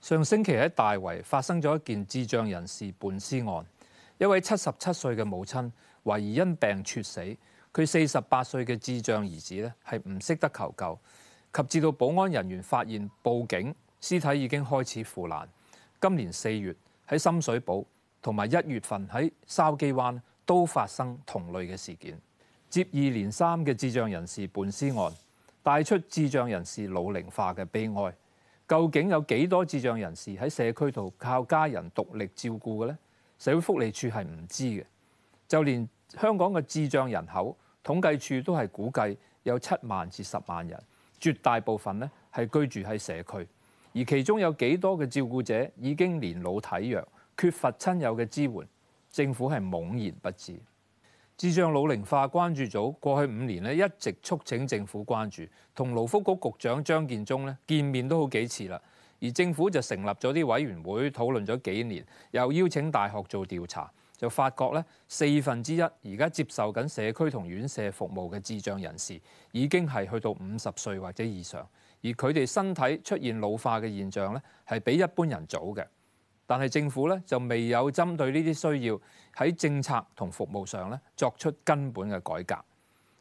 上星期喺大圍發生咗一件智障人士伴屍案，一位七十七歲嘅母親懷疑因病猝死，佢四十八歲嘅智障兒子咧係唔識得求救，及至到保安人員發現報警，屍體已經開始腐爛。今年四月喺深水埗，同埋一月份喺筲箕灣都發生同類嘅事件。接二連三嘅智障人士伴屍案，帶出智障人士老齡化嘅悲哀。究竟有幾多智障人士喺社區度靠家人獨力照顧嘅呢？社會福利署係唔知嘅，就連香港嘅智障人口統計處都係估計有七萬至十萬人，絕大部分呢係居住喺社區，而其中有幾多嘅照顧者已經年老體弱，缺乏親友嘅支援，政府係懵然不知。智障老齡化關注組過去五年咧一直促請政府關注，同勞福局局長張建宗咧見面都好幾次啦。而政府就成立咗啲委員會討論咗幾年，又邀請大學做調查，就發覺咧四分之一而家接受緊社區同院舍服務嘅智障人士已經係去到五十歲或者以上，而佢哋身體出現老化嘅現象咧係比一般人早嘅。但係政府咧就未有針對呢啲需要喺政策同服務上咧作出根本嘅改革。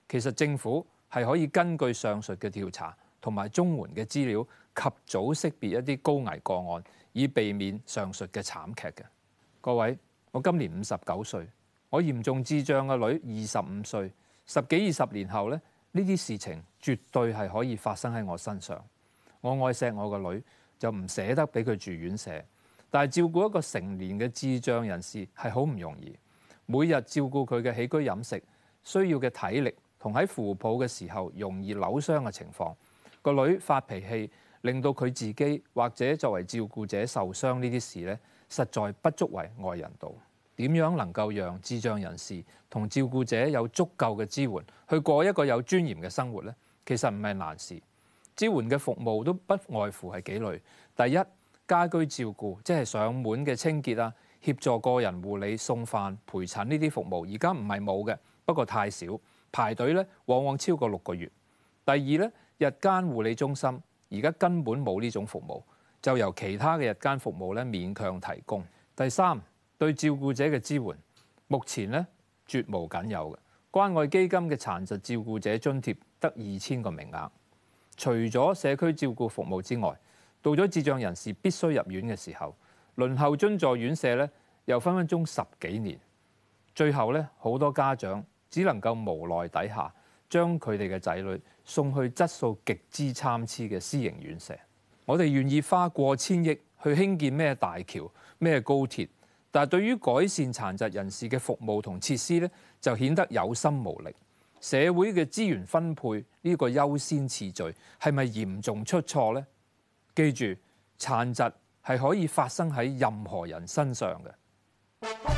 其實政府係可以根據上述嘅調查同埋綜援嘅資料，及早識別一啲高危個案，以避免上述嘅慘劇嘅。各位，我今年五十九歲，我嚴重智障嘅女二十五歲，十幾二十年後呢，呢啲事情絕對係可以發生喺我身上。我愛錫我個女，就唔捨得俾佢住院舍。但係照顧一個成年嘅智障人士係好唔容易，每日照顧佢嘅起居飲食，需要嘅體力同喺扶抱嘅時候容易扭傷嘅情況，個女發脾氣令到佢自己或者作為照顧者受傷呢啲事呢，實在不足為外人道。點樣能夠讓智障人士同照顧者有足夠嘅支援，去過一個有尊嚴嘅生活呢？其實唔係難事，支援嘅服務都不外乎係幾類，第一。家居照顧即係上門嘅清潔啊，協助個人護理、送飯、陪診呢啲服務，而家唔係冇嘅，不過太少，排隊咧往往超過六個月。第二咧，日間護理中心而家根本冇呢種服務，就由其他嘅日間服務咧勉強提供。第三，對照顧者嘅支援，目前咧絕無僅有嘅關愛基金嘅殘疾照顧者津貼得二千個名額，除咗社區照顧服務之外。到咗智障人士必須入院嘅時候，輪候津助院舍咧又分分鐘十幾年，最後咧好多家長只能夠無奈底下將佢哋嘅仔女送去質素極之參差嘅私營院舍。我哋願意花過千億去興建咩大橋、咩高鐵，但係對於改善殘疾人士嘅服務同設施咧，就顯得有心無力。社會嘅資源分配呢個優先次序係咪嚴重出錯呢？記住，殘疾係可以發生喺任何人身上嘅。